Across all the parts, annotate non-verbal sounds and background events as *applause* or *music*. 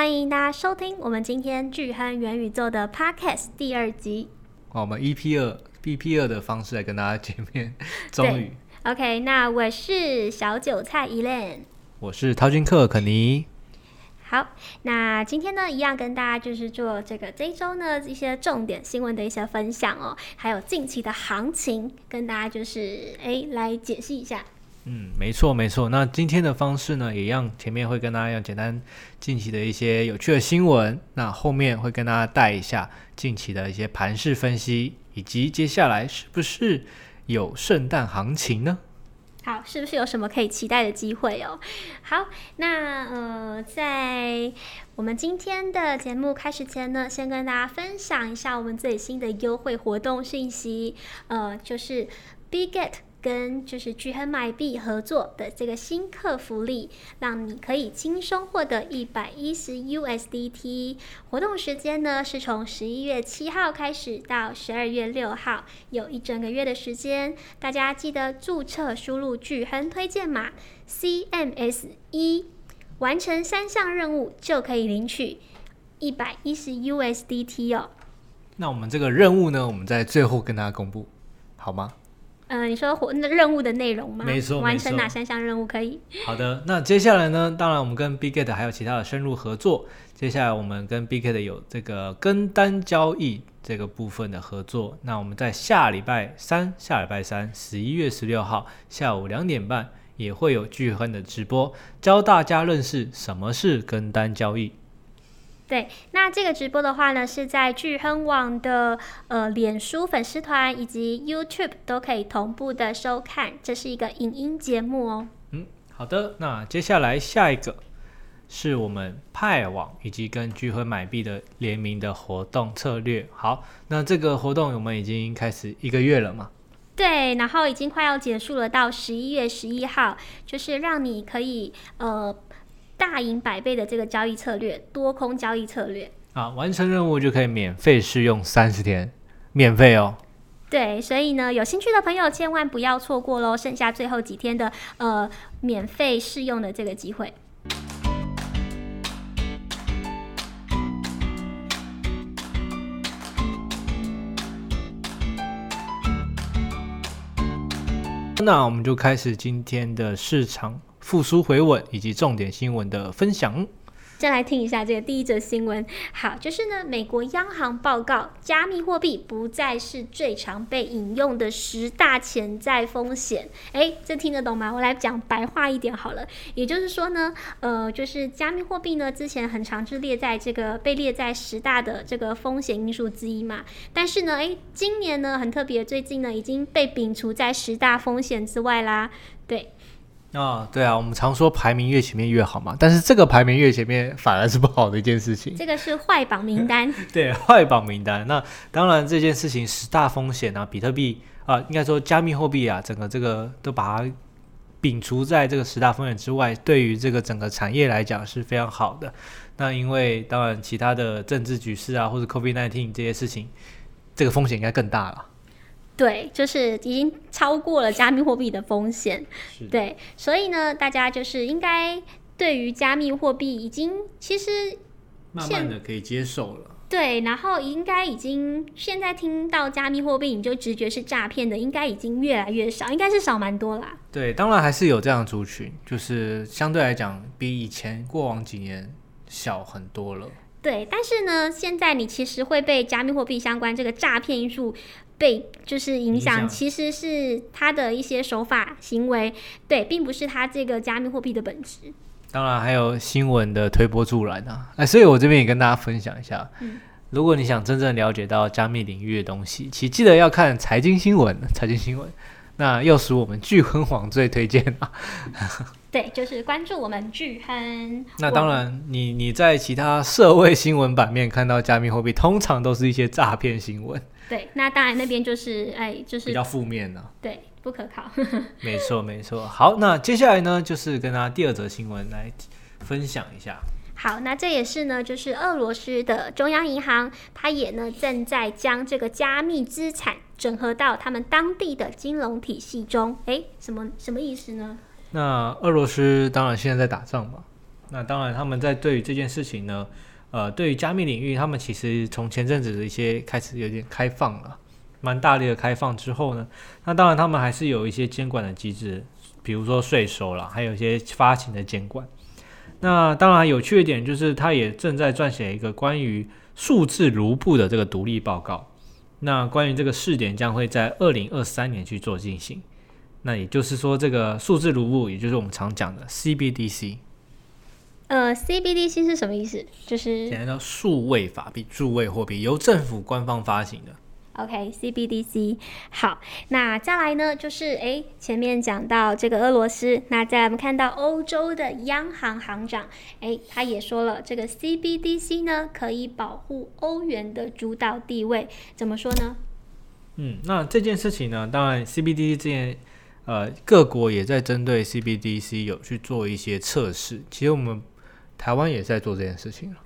歡迎大家收聽我們今天鉅亨元宇宙的 podcast 第二集。哦、啊，我們 EP 二 BP 二的方式來跟大家見面，終於。OK，那我是小韭菜 Elaine。我是濤君克肯尼。好，那今天呢，一樣跟大家就是做這個這一周呢一些重點新聞的一些分享哦，還有近期的行情跟大家就是哎來解析一下。嗯，沒錯沒錯。那今天的方式呢，也讓前面會跟大家要簡單近期的一些有趣的新聞，那後面會跟大家帶一下近期的一些盤勢分析，以及接下來是不是有聖誕行情呢？好，是不是有什麼可以期待的機會哦？好，那呃，在我們今天的節目開始前呢，先跟大家分享一下我們最新的優惠活動信息，呃，就是 Bitget。Get. 跟就是聚恆買幣合作的這個新客福利，讓你可以輕鬆獲得一百一十 USDT。活動時間呢是從十一月七號開始到十二月六號，有一整個月的時間。大家記得注冊，輸入聚亨推薦碼 CMS 一，完成三項任務就可以領取一百一十 USDT 哦。那我們這個任務呢，我們在最後跟大家公布，好嗎？嗯、呃，你說活那任務的內容嗎？沒錯，完成哪三項任務可以？好的，那接下來呢？當然，我們跟 Bitget 還有其他的深入合作。接下來我們跟 Bitget 有這個跟單交易這個部分的合作。那我們在下禮拜三，下禮拜三，十一月十六號下午兩點半也會有鉅亨的直播，教大家認識什麼是跟單交易。對，那這個直播的話呢，是在鉅亨網的呃臉書粉絲團以及 YouTube 都可以同步的收看，這是一個影音節目哦。嗯，好的，那接下來下一個是我們派網以及跟鉅亨買幣的聯名的活動策略。好，那這個活動我們已經開始一個月了嘛？對，然後已經快要結束了，到十一月十一號，就是讓你可以呃。大贏百倍的這個交易策略，多空交易策略啊，完成任務就可以免費試用三十天，免費哦。對，所以呢，有興趣的朋友千萬不要錯過嘍，剩下最後幾天的呃免費試用的這個機會。那我們就開始今天的市場。復甦回穩以及重點新聞的分享。再來聽一下這個第一則新聞。好，就是呢，美國央行報告，加密貨幣不再是最常被引用的十大潛在風險。哎、欸，這聽得懂嗎？我來講白話一點好了。也就是說呢，呃，就是加密貨幣呢，之前很常是列在這個被列在十大的這個風險因素之一嘛。但是呢，哎、欸，今年呢很特別，最近呢已經被摒除在十大風險之外啦。對。啊、哦，對啊，我們常說排名越前面越好嘛，但是這個排名越前面反而是不好的一件事情。這個是壞榜名單。 *laughs* 對，壞榜名單。那當然，這件事情十大風險啊，比特幣啊，應該說加密貨幣啊，整個這個都把它摒除在這個十大風險之外，對於這個整個產業來講是非常好的。那因為當然，其他的政治局勢啊，或者 COVID-19 這些事情，這個風險應該更大了。對，就是已經超過了加密貨幣的風險。的對，所以呢，大家就是應該對於加密貨幣已經其實慢慢的可以接受了。對，然後應該已經現在聽到加密貨幣，你就直覺是詐騙的，應該已經越來越少，應該是少蠻多啦、啊。對，當然還是有這樣的族群，就是相對來講比以前過往幾年小很多了。對，但是呢，現在你其實會被加密貨幣相關這個詐騙因素。對，就是影響，影響其實是他的一些手法行為，對，並不是他這個加密貨幣的本質。當然還有新聞的推波助瀾啊！哎，所以我這邊也跟大家分享一下，嗯、如果你想真正了解到加密領域的東西，請記得要看財經新聞，財經新聞。那又屬我們鉅亨網最推薦啊 *laughs* ，對，就是關注我們鉅亨。那當然你，你你在其他社會新聞版面看到加密貨幣，通常都是一些詐騙新聞。對，那當然那邊就是，哎、欸，就是比較負面呢、啊。對，不可靠。 *laughs* 沒錯，沒錯。好，那接下來呢，就是跟大家第二則新聞來分享一下。好，那這也是呢，就是俄羅斯的中央銀行，它也呢正在將這個加密資產。整合到他們當地的金融體系中，誒，什麼什麼意思呢？那俄羅斯當然現在在打仗嘛，那當然他們在對於這件事情呢，呃，對於加密領域，他們其實從前陣子的一些開始有點開放了，蠻大力的開放之後呢，那當然他們還是有一些監管的機制，比如說稅收啦，還有一些發行的監管。那當然有趣的一點就是，他也正在撰寫一個關於數字盧布的這個獨立報告。那關於這個試點將會在二零二三年去做進行，那也就是說這個數字盧布，也就是我們常講的 CBDC，呃，呃，CBDC 是什麼意思？就是簡單的數位法幣、數位貨幣，由政府官方發行的。OK，CBDC。Okay, 好，那再來呢？就是誒、欸，前面講到這個俄羅斯，那再我們看到歐洲的央行行長，誒、欸，他也說了，這個 CBDC 呢可以保護歐元的主導地位。怎麼說呢？嗯，那這件事情呢，當然 CBDC 之前，呃，各國也在針對 CBDC 有去做一些測試。其實我們台灣也在做這件事情了。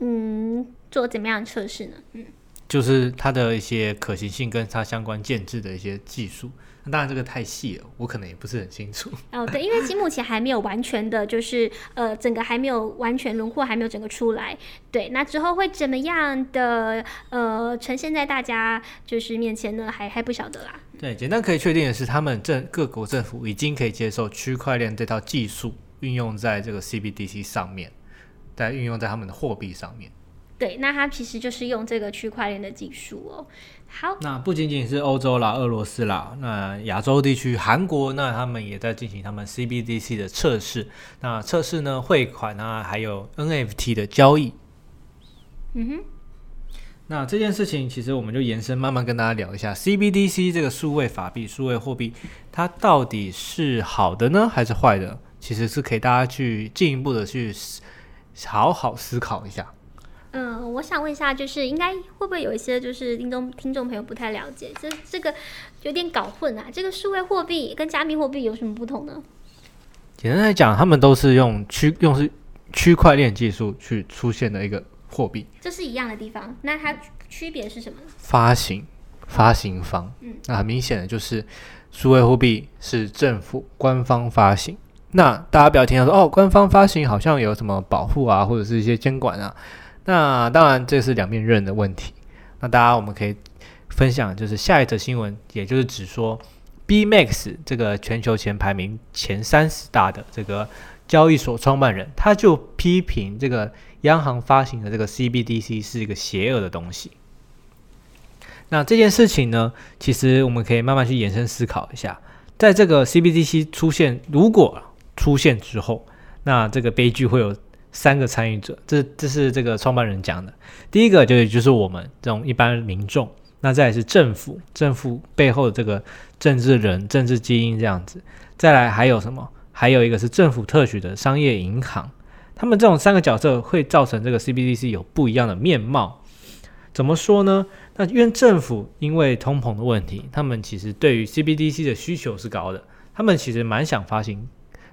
嗯，做怎麼樣測試呢？嗯。就是它的一些可行性跟它相關建制的一些技術，那當然這個太細了，我可能也不是很清楚。哦，oh, 對，因為其實目前還沒有完全的，就是 *laughs* 呃，整個還沒有完全輪廓還沒有整個出來。對，那之後會怎麼樣的呃，呈現在大家就是面前呢？還還不曉得啦。對，簡單可以確定的是，他們政各國政府已經可以接受區塊鏈這套技術運用在這個 CBDC 上面，在運用在他們的貨幣上面。對，那它其實就是用這個區塊鏈的技術哦。好，那不僅僅是歐洲啦、俄羅斯啦，那亞洲地區韓國，那他們也在進行他們 CBDC 的測試。那測試呢，匯款啊，還有 NFT 的交易。嗯哼。那這件事情其實我們就延伸慢慢跟大家聊一下 CBDC 這個數位法幣、數位貨幣，它到底是好的呢，還是壞的？其實是可以大家去進一步的去好好思考一下。嗯，我想問一下，就是應該會不會有一些就是聽眾聽眾朋友不太了解，這這個有點搞混啊。這個數位貨幣跟加密貨幣有什麼不同呢？簡單來講，他們都是用區用是區塊鏈技術去出現的一個貨幣，這是一樣的地方。那它區別是什麼呢？發行發行方，哦、嗯，那很明顯的就是數位貨幣是政府官方發行。那大家不要聽到說哦，官方發行好像有什麼保護啊，或者是一些監管啊。那當然，這是兩面刃的問題。那大家我們可以分享，就是下一則新聞，也就是指說，BMax 這個全球前排名前三十大的這個交易所創辦人，他就批評這個央行發行的這個 CBDC 是一個邪惡的東西。那這件事情呢，其實我們可以慢慢去延伸思考一下，在這個 CBDC 出現，如果出現之後，那這個悲劇會有三個參與者，這這是這個創辦人講的。第一個就是就是我們這種一般民眾，那再來是政府，政府背後的這個政治人、政治精英這樣子，再來還有什麼？還有一個是政府特許的商業銀行，他們這種三個角色會造成這個 CBDC 有不一樣的面貌。怎麼說呢？那因為政府因為通膨的問題，他們其實對於 CBDC 的需求是高的，他們其實蠻想發行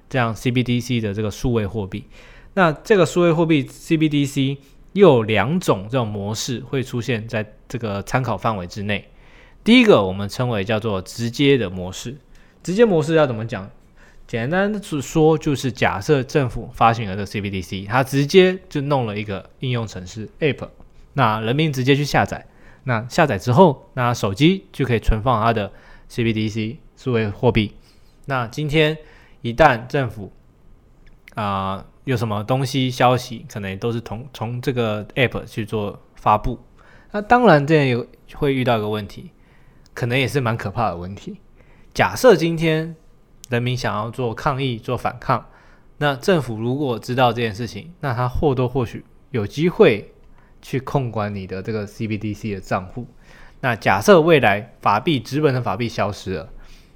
這樣 CBDC 的這個數位貨幣。那這個數位貨幣 CBDC 又有兩種這種模式會出現在這個參考範圍之內。第一個我們稱為叫做直接的模式。直接模式要怎麼講？簡單的是說，就是假設政府發行了這個 CBDC，它直接就弄了一個應用程式 App，那人民直接去下載。那下載之後，那手機就可以存放它的 CBDC 數位貨幣。那今天一旦政府啊、呃。有什麼東西消息，可能都是從從這個 app 去做發佈。那當然，這樣也會遇到一個問題，可能也是蠻可怕的問題。假設今天人民想要做抗議、做反抗，那政府如果知道這件事情，那他或多或少有機會去控管你的這個 CBDC 的賬戶。那假設未來法幣、紙本的法幣消失了，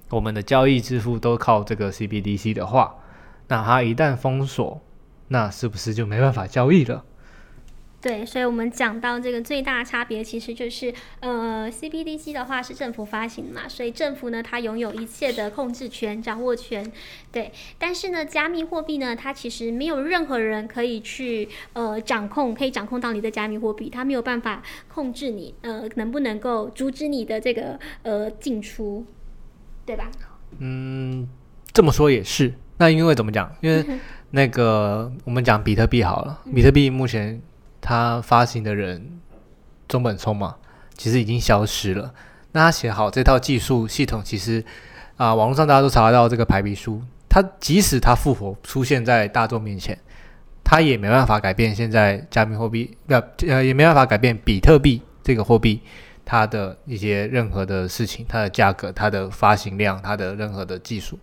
我們的交易支付都靠這個 CBDC 的話，那它一旦封鎖。那是不是就沒辦法交易了？對，所以，我們講到這個最大差別，其實就是，呃，CBDC 的話是政府發行嘛，所以政府呢，它擁有一切的控制權、掌握權，對。但是呢，加密貨幣呢，它其實沒有任何人可以去，呃，掌控，可以掌控到你的加密貨幣，它沒有辦法控制你，呃，能不能夠阻止你的這個，呃，進出，對吧？嗯，這麼說也是。那因為怎麼講？因為 *laughs* 那個我們講比特幣好了，比特幣目前它發行的人中本聰嘛，其實已經消失了。那他寫好這套技術系統，其實啊、呃，網絡上大家都查得到這個排比書，他即使他復活出現在大眾面前，他也沒辦法改變現在加密貨幣，不呃也沒辦法改變比特幣這個貨幣它的一些任何的事情，它的價格、它的發行量、它的任何的技術。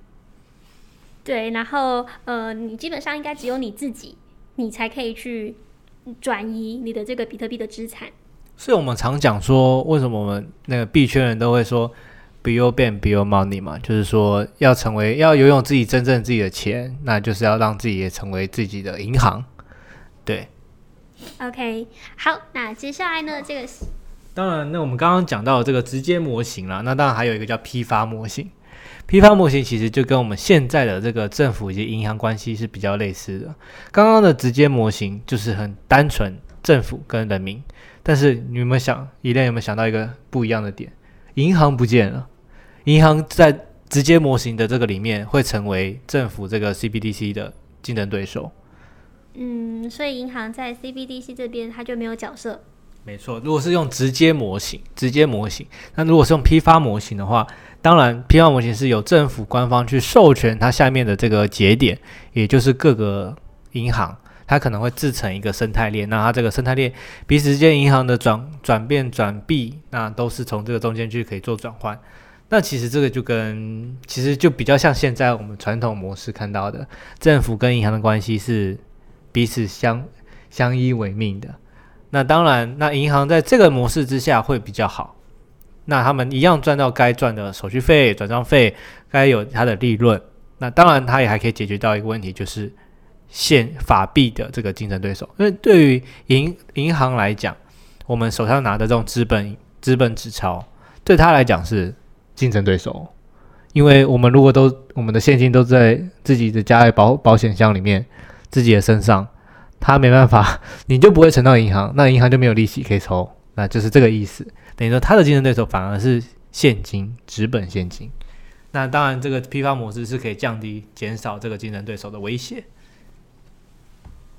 對，然後呃，你基本上應該只有你自己，你才可以去轉移你的這個比特幣的資產。所以我們常講說，為什麼我們那個幣圈人都會說 “Be your own bank, be your own money” 嘛，就是說要成為要擁有用自己、真正自己的錢，那就是要讓自己也成為自己的銀行。對。OK，好，那接下來呢？這個當然，那我們剛剛講到這個直接模型啦，那當然還有一個叫批發模型。批發模型其實就跟我們現在的這個政府以及銀行關係是比較類似的。剛剛的直接模型就是很單純，政府跟人民。但是你們有有想， *noise* 以戀有沒有想到一個不一樣的點？銀行不見了，銀行在直接模型的這個裡面會成為政府這個 CBDC 的競爭對手。嗯，所以銀行在 CBDC 這邊它就沒有角色。沒錯，如果是用直接模型，直接模型，那如果是用批發模型的話，當然，批發模型是由政府官方去授權，它下面的這個節點，也就是各個銀行，它可能會制成一個生態鏈。那它這個生態鏈，彼此之間銀行的轉轉變轉幣，那都是從這個中間去可以做轉換。那其實這個就跟，其實就比較像現在我們傳統模式看到的，政府跟銀行的關係是彼此相相依為命的。那當然，那銀行在這個模式之下會比較好，那他們一樣賺到該賺的手續費、轉賬費，該有他的利潤。那當然，他也還可以解決到一個問題，就是現法幣的這個競爭對手。因為對於銀銀行來講，我們手上拿的這種資本、資本紙鈔，對他來講是競爭對手。因為我們如果都我們的現金都在自己的家裡的保保險箱裡面，自己的身上。他沒辦法，你就不會存到銀行，那銀行就沒有利息可以抽，那就是這個意思。等於說，他的競爭對手反而是現金，紙本現金。那當然，這個批發模式是可以降低、減少這個競爭對手的威脅。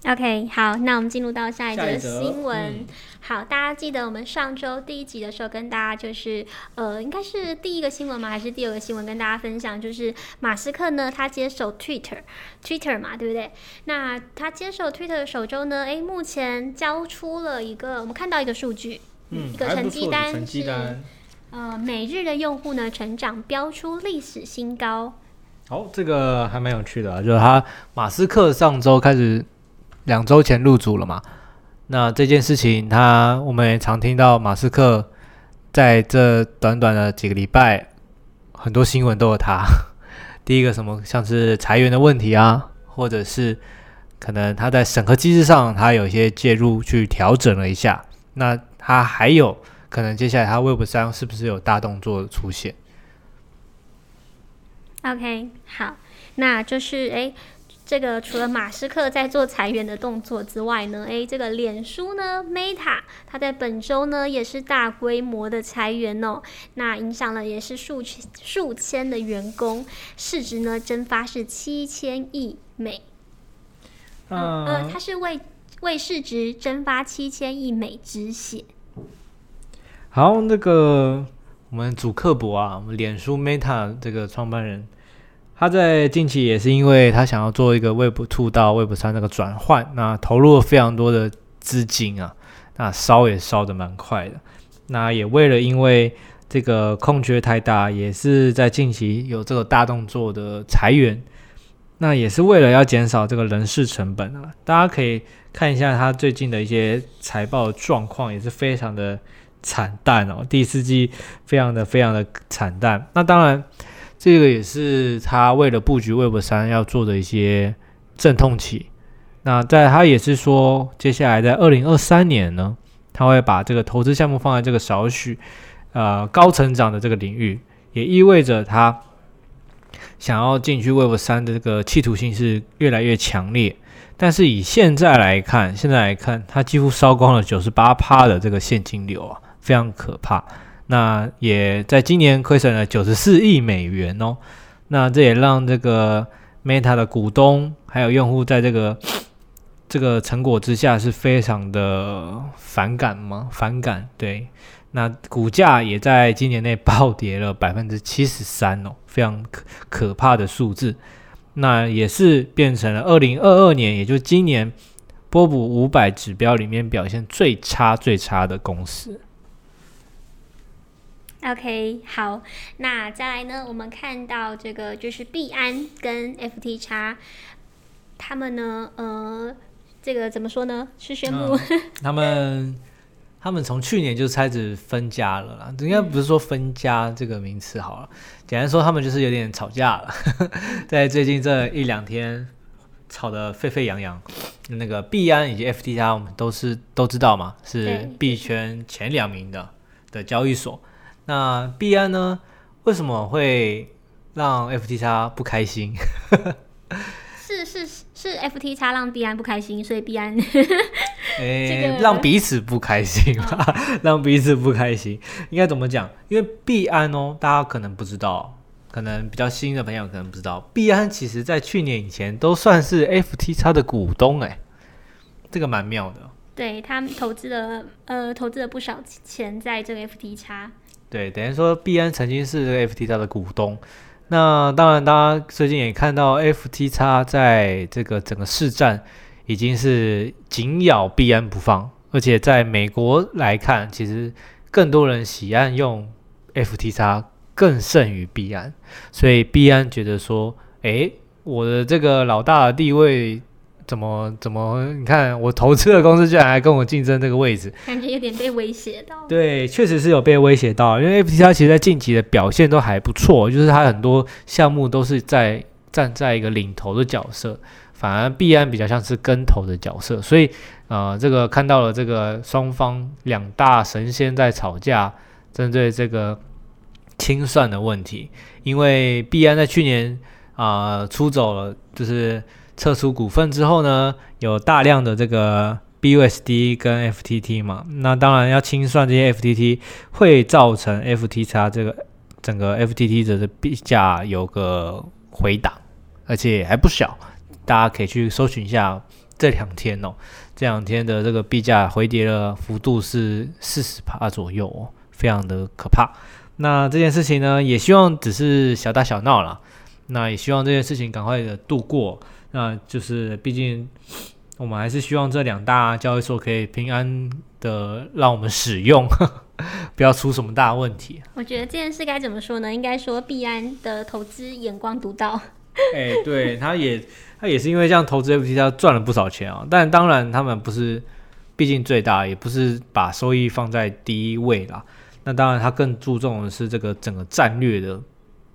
OK，好，那我們進入到下一個新聞。嗯、好，大家記得我們上周第一集的時候跟大家就是呃，應該是第一個新聞嘛，還是第二個新聞跟大家分享？就是馬斯克呢，他接手 Twitter，Twitter 嘛，對不對？那他接手 Twitter 的首周呢，哎、欸，目前交出了一個，我們看到一個數據，嗯，一個成績單是呃，每日的用戶呢成長飆出歷史新高。好、哦，這個還蠻有趣的，啊，就是他馬斯克上周開始。兩周前入主了嘛？那這件事情，他我們也常聽到馬斯克在這短短的幾個禮拜，很多新聞都有他。第一個什麼，像是裁員的問題啊，或者是可能他在審核機制上，他有一些介入去調整了一下。那他還有可能接下來他微博上是不是有大動作出現？OK，好，那就是哎。誒這個除了馬斯克在做裁員的動作之外呢，哎，這個臉書呢，Meta，它在本周呢也是大規模的裁員哦，那影響了也是數千數千的員工，市值呢蒸發是七千億美，啊嗯。呃，它是為為市值蒸發七千億美止血。好，那個我們祖克柏啊，我們臉書 Meta 這個創辦人。他在近期也是因為他想要做一個 Web2 到 Web3 那個轉換，那投入了非常多的資金啊，那燒也燒得蠻快的。那也為了因為這個空缺太大，也是在近期有這個大動作的裁員，那也是為了要減少這個人事成本啊。大家可以看一下他最近的一些財報狀況，也是非常的慘淡哦，第四季非常的非常的慘淡。那當然。這個也是他為了布局 Web 三要做的一些陣痛期。那在他也是說，接下來在二零二三年呢，他會把這個投資項目放在這個少許呃高成長的這個領域，也意味着他想要進去 Web 三的這個企圖性是越來越強烈。但是以現在來看，現在來看，他幾乎燒光了九十八趴的這個現金流啊，非常可怕。那也在今年虧損了九十四億美元哦，那這也讓這個 Meta 的股東還有用戶在這個這個成果之下是非常的反感嗎？反感，對。那股價也在今年內暴跌了百分之七十三哦，非常可可怕的數字。那也是變成了二零二二年，也就是今年標普五百指標裡面表現最差最差的公司。OK，好，那再來呢？我們看到這個就是幣安跟 FTX，他們呢，呃，這個怎麼說呢？是宣布、嗯、他們 *laughs* 他們從去年就開始分家了啦，應該不是說分家這個名詞好了，簡單說他們就是有點吵架，了，在最近這一兩天吵得沸沸揚揚。那個幣安以及 FTX，我們都是都知道嘛，是幣圈前兩名的對的交易所。那幣安呢？為什麼會讓 F T X 不開心？ *laughs* 是是是，F T X 讓幣安不開心，所以幣安，哎，讓彼此不開心，哦、讓彼此不開心，應該怎麼講？因為幣安哦，大家可能不知道，可能比較新的朋友可能不知道，幣安其實在去年以前都算是 F T X 的股東哎、欸，這個蠻妙的，對，他們投資了呃，投資了不少錢在這個 F T X。對，等於說，幣安曾經是這個 FTX 的股東。那當然，大家最近也看到 FTX 在這個整個市占已經是緊咬幣安不放，而且在美國來看，其實更多人喜歡用 FTX 更勝於幣安，所以幣安覺得說，哎，我的這個老大的地位。怎麼怎麼？你看我投資的公司居然還跟我競爭這個位置，感覺有點被威脅到。對，確實是有被威脅到，因為 FTX 其實在近期的表現都還不錯，就是它很多項目都是在站在一個領頭的角色，反而幣安比較像是跟投的角色。所以呃，這個看到了這個雙方兩大神仙在吵架，針對這個清算的問題，因為幣安在去年啊、呃、出走了，就是。撤出股份之後呢，有大量的這個 BUSD 跟 FTT 嘛，那當然要清算這些 FTT，會造成 FTX 這個整個 FTT 的這幣價有個回檔，而且還不小，大家可以去搜尋一下這兩天哦，這兩天的這個幣價回跌的幅度是四十趴左右哦，非常的可怕。那這件事情呢，也希望只是小打小鬧啦，那也希望這件事情趕快的度過。那就是，畢竟我們還是希望這兩大交易所可以平安的讓我們使用，呵呵不要出什麼大問題。我覺得這件事該怎麼說呢？應該說，幣安的投資眼光獨到。哎、欸，對，他也他也是因為這樣投資，FTX 他賺了不少錢啊。但當然，他們不是，畢竟最大也不是把收益放在第一位啦。那當然，他更注重的是這個整個戰略的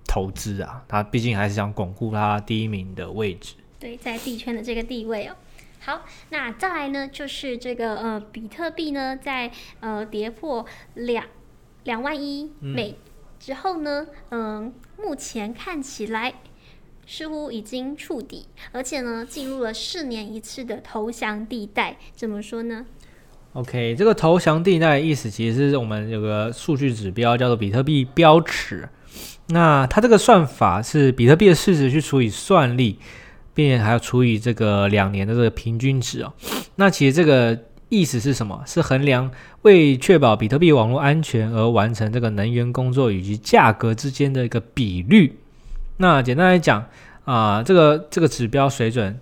投資啊。他畢竟還是想鞏固他第一名的位置。對，在幣圈的這個地位哦。好，那再來呢，就是這個呃，比特幣呢，在呃跌破兩兩萬一美之後呢，嗯、呃，目前看起來似乎已經觸底，而且呢，進入了四年一次的投降地帶。怎麼說呢？OK，這個投降地帶的意思，其實是我們有個數據指標叫做比特幣標尺。那它這個算法是比特幣的市值去除以算力。並且還要除以這個兩年的這個平均值哦，那其實這個意思是什麼？是衡量為確保比特幣網絡安全而完成這個能源工作以及價格之間的一個比率。那簡單來講啊、呃，這個這個指標水準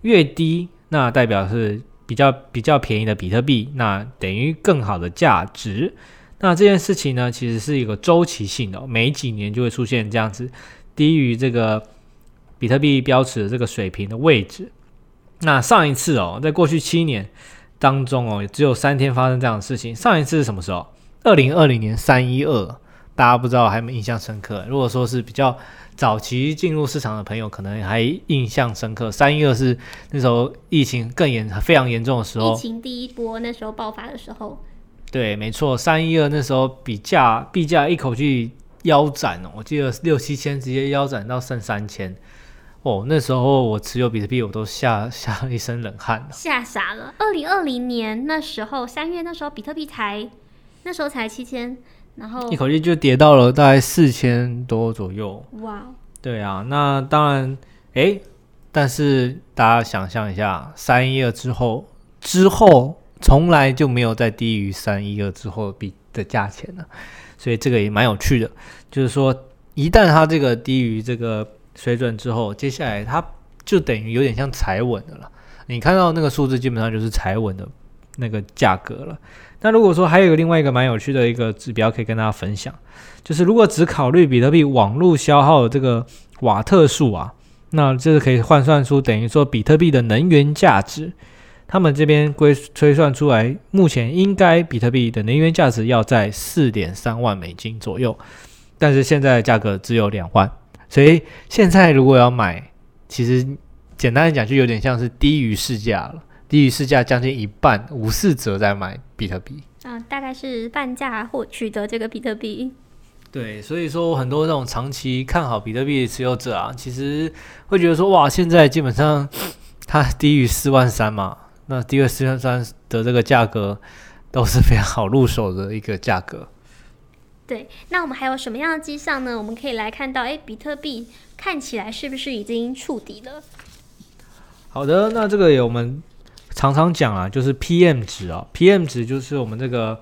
越低，那代表是比較比較便宜的比特幣，那等於更好的價值。那這件事情呢，其實是一個周期性的、哦，每幾年就會出現這樣子低於這個。比特幣標尺的這個水平的位置，那上一次哦，在過去七年當中哦，也只有三天發生這樣的事情。上一次是什麼時候？二零二零年三一二，大家不知道還沒印象深刻。如果說是比較早期進入市場的朋友，可能還印象深刻。三一二是那時候疫情更嚴、非常嚴重的時候，疫情第一波那時候爆發的時候。對，沒錯，三一二那時候比價幣價一口氣腰斬哦，我記得六七千直接腰斬到剩三千。哦，那時候我持有比特幣，我都嚇嚇了一身冷汗了，嚇傻了。二零二零年那時候，三月那時候，比特幣才那時候才七千，然後一口氣就跌到了大概四千多左右。哇 Wow！對啊，那當然，哎、欸，但是大家想象一下，三一二之後，之後從來就沒有再低於三一二之後幣的價錢了，所以這個也蠻有趣的，就是說一旦它這個低於這個。水準之後，接下來它就等於有點像踩穩的了。你看到那個數字，基本上就是踩穩的那個價格了。那如果說還有另外一個蠻有趣的一個指標可以跟大家分享，就是如果只考慮比特幣網絡消耗的這個瓦特數啊，那這是可以換算出等於說比特幣的能源價值。他們這邊歸推算出來，目前應該比特幣的能源價值要在四點三萬美金左右，但是現在價格只有兩萬。所以現在如果要買，其實簡單的講，就有點像是低於市價了，低於市價將近一半，五四折在買比特幣。嗯、啊，大概是半價獲取得這個比特幣。對，所以說很多這種長期看好比特幣的持有者啊，其實會覺得說，哇，現在基本上它低於四萬三嘛，那低於四萬三的這個價格都是非常好入手的一個價格。對，那我們還有什麼樣的跡象呢？我們可以來看到，哎，比特幣看起來是不是已經觸底了？好的，那這個也我們常常講啊，就是 PM 值啊，哦，PM 值就是我們這個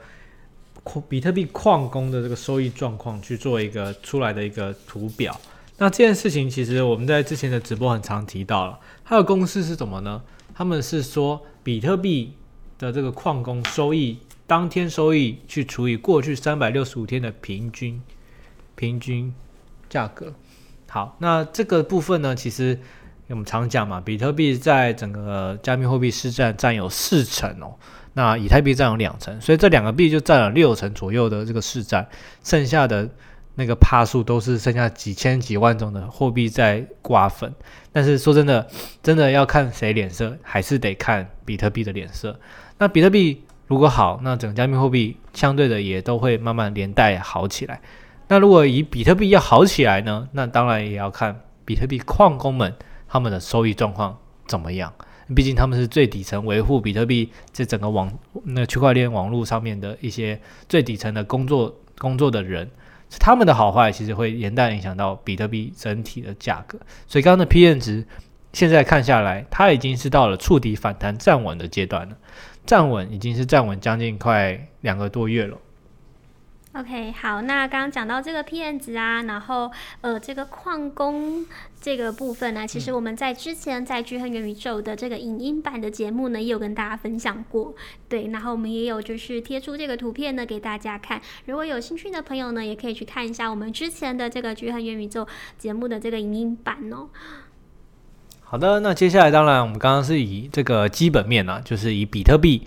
礦比特幣礦工的這個收益狀況去做一個出來的一個圖表。那這件事情其實我們在之前的直播很常提到了，它的公式是什麼呢？他們是說比特幣的這個礦工收益。當天收益去除以過去三百六十五天的平均平均價格。好，那這個部分呢，其實我們常講嘛，比特幣在整個加密貨幣市占占有四成哦，那以太幣占有兩成，所以這兩個幣就占了六成左右的這個市占，剩下的那個趴數都是剩下幾千幾萬種的貨幣在瓜分。但是說真的，真的要看誰臉色，還是得看比特幣的臉色。那比特幣，如果好，那整個加密貨幣相對的也都會慢慢連帶好起來。那如果以比特幣要好起來呢？那當然也要看比特幣礦工們他們的收益狀況怎麼樣。畢竟他們是最底層維護比特幣這整個網那個、區塊鏈網絡上面的一些最底層的工作工作的人，他們的好壞其實會連帶影響到比特幣整體的價格。所以剛剛的 P N 值現在看下來，它已經是到了觸底反彈站穩的階段了。站穩已經是站穩將近快兩個多月了。OK，好，那剛剛講到這個片子啊，然後呃，這個礦工這個部分呢，其實我們在之前在钜亨元宇宙的這個影音版的節目呢，也有跟大家分享過。對，然後我們也有就是貼出這個圖片呢給大家看，如果有興趣的朋友呢，也可以去看一下我們之前的這個钜亨元宇宙節目的這個影音版哦。好的，那接下來當然我們剛剛是以這個基本面啊，就是以比特幣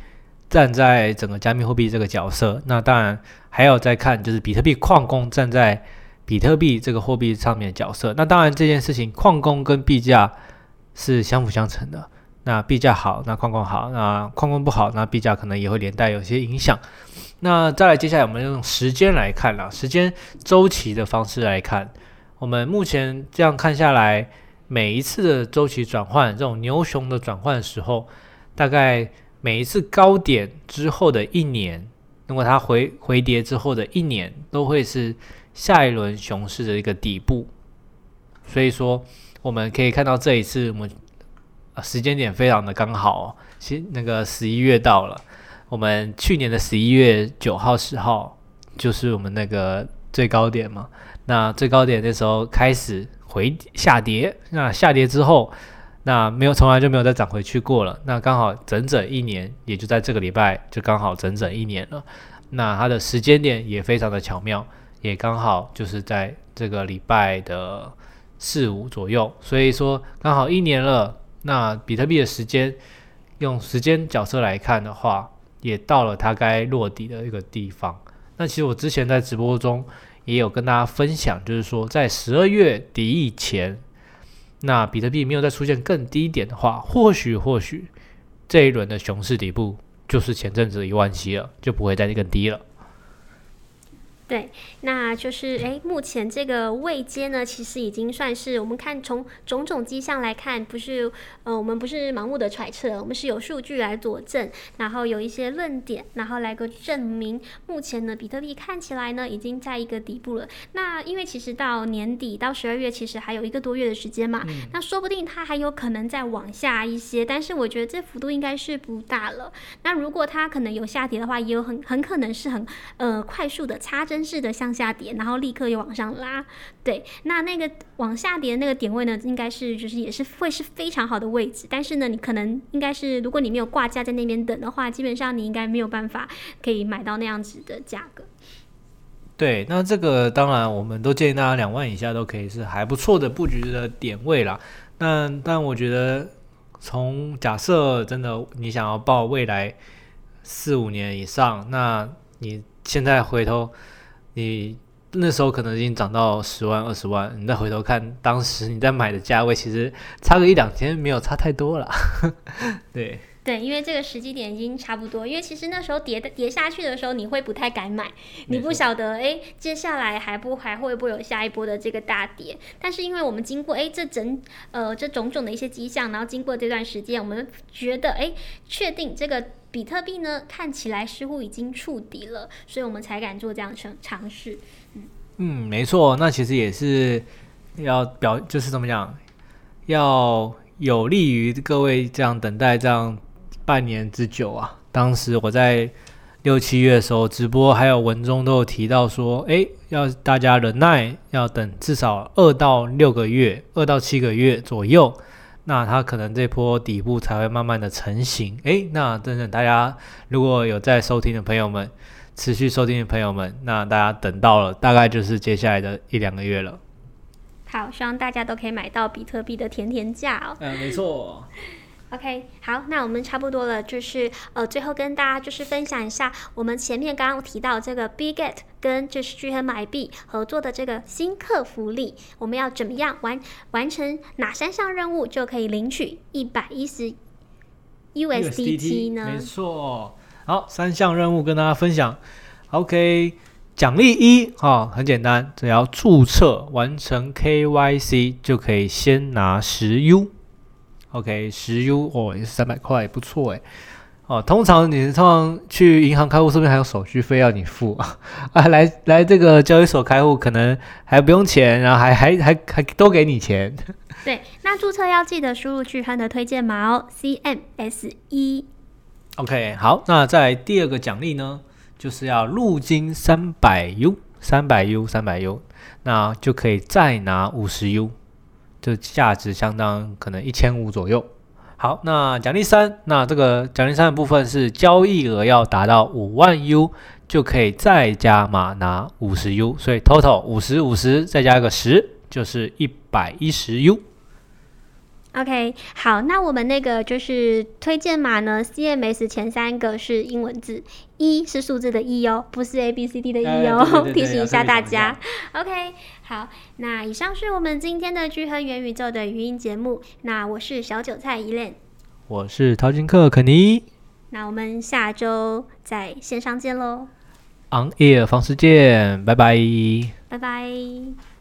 站在整個加密貨幣這個角色。那當然還有在看就是比特幣礦工站在比特幣這個貨幣上面的角色。那當然這件事情礦工跟幣價是相輔相成的。那幣價好，那礦工好；那礦工不好，那幣價可能也會連帶有些影響。那再來接下來我們用時間來看了啊，時間週期的方式來看，我們目前這樣看下來。每一次的週期轉換，這種牛熊的轉換的時候，大概每一次高點之後的一年，如果它回回跌之後的一年，都會是下一輪熊市的一個底部。所以說，我們可以看到這一次我們時間點非常的剛好，是那個十一月到了，我們去年的十一月九號十號就是我們那個最高點嘛。那最高點那時候開始。回下跌，那下跌之後，那沒有從來就沒有再漲回去過了。那剛好整整一年，也就在這個禮拜就剛好整整一年了。那它的時間點也非常的巧妙，也剛好就是在這個禮拜的四五左右。所以說剛好一年了。那比特幣的時間用時間角色來看的話，也到了它該落地的一個地方。那其實我之前在直播中，也有跟大家分享，就是說，在十二月底以前，那比特幣沒有再出現更低點的話，或許或許這一輪的熊市底部就是前陣子的一萬七了，就不會再更低了。對，那就是誒，目前這個位階呢，其實已經算是我們看從種種跡象來看，不是呃，我們不是盲目的揣測，我們是有數據來佐證，然後有一些論點，然後來個證明。目前呢，比特幣看起來呢，已經在一個底部了。那因為其實到年底到十二月，其實還有一個多月的時間嘛，嗯、那說不定它還有可能再往下一些，但是我覺得這幅度應該是不大了。那如果它可能有下跌的話，也有很很可能是很呃快速的插針。分式的向下跌，然後立刻又往上拉。對，那那個往下跌的那個點位呢，應該是就是也是會是非常好的位置。但是呢，你可能應該是，如果你沒有掛價在那邊等的話，基本上你應該沒有辦法可以買到那樣子的價格。對，那這個當然我們都建議大家兩萬以下都可以是還不錯的布局的點位了。但但我覺得，從假設真的你想要報未來四五年以上，那你現在回頭。你那時候可能已經漲到十萬二十萬，你再回頭看當時你在買的價位，其實差個一兩千沒有差太多了，呵呵對對，因為這個時機點已經差不多。因為其實那時候跌跌下去的時候，你會不太敢買，你不曉得哎，沒錯，欸，接下來還不還會不會有下一波的這個大跌。但是因為我們經過誒，欸，這整呃這種種的一些跡象，然後經過這段時間，我們覺得哎，欸，確定這個。比特幣呢，看起來似乎已經觸底了，所以我們才敢做這樣嘗嘗試。嗯，嗯沒錯，那其實也是要表，就是怎麼講，要有利於各位這樣等待這樣半年之久啊。當時我在六七月的時候直播，還有文中都有提到說，哎、欸，要大家忍耐，要等至少二到六個月，二到七個月左右。那它可能這波底部才會慢慢的成型，誒。那等等大家如果有在收聽的朋友們，持續收聽的朋友們，那大家等到了大概就是接下來的一兩個月了。好，希望大家都可以買到比特幣的甜甜價哦。嗯、呃，沒錯。 *laughs* OK，好，那我們差不多了，就是呃，最後跟大家就是分享一下，我們前面剛剛提到這個 Bitget 跟就是 GMIB 合作的這個新客福利，我們要怎麼樣完完成哪三項任務就可以領取一百一十 USDT 呢？USDT，沒錯，好，三項任務跟大家分享。OK，獎勵一啊，哦，很簡單，只要注冊完成 KYC 就可以先拿十 U。OK，十 U 哦，也是三百塊，不錯誒。哦，通常你通常去銀行開戶是不是還有手續費要你付啊？啊來來這個交易所開戶可能還不用錢，然後還還還還都給你錢。對，那注冊要記得輸入鉅亨的推薦碼哦，CSM 一。C M S e、OK，好，那在第二個獎勵呢，就是要入金三百 U，三百 U，三百 U，那就可以再拿五十 U。就價值相當可能一千五左右。好，那獎勵三，那這個獎勵三的部分是交易額要達到五萬 U 就可以再加碼拿五十 U，所以 total 五十五十再加一個十，就是一百一十 U。OK，好，那我們那個就是推薦碼呢，CSM 前三個是英文字，一、e、是數字的一、e、哦，不是 A B C D 的 E 哦，提醒一下大家。OK，好，那以上是我們今天的聚合元宇宙的語音節目，那我是小韭菜 Elen 我是淘金客肯尼，那我們下周再線上見嘍，On Air 方式見，拜拜，拜拜。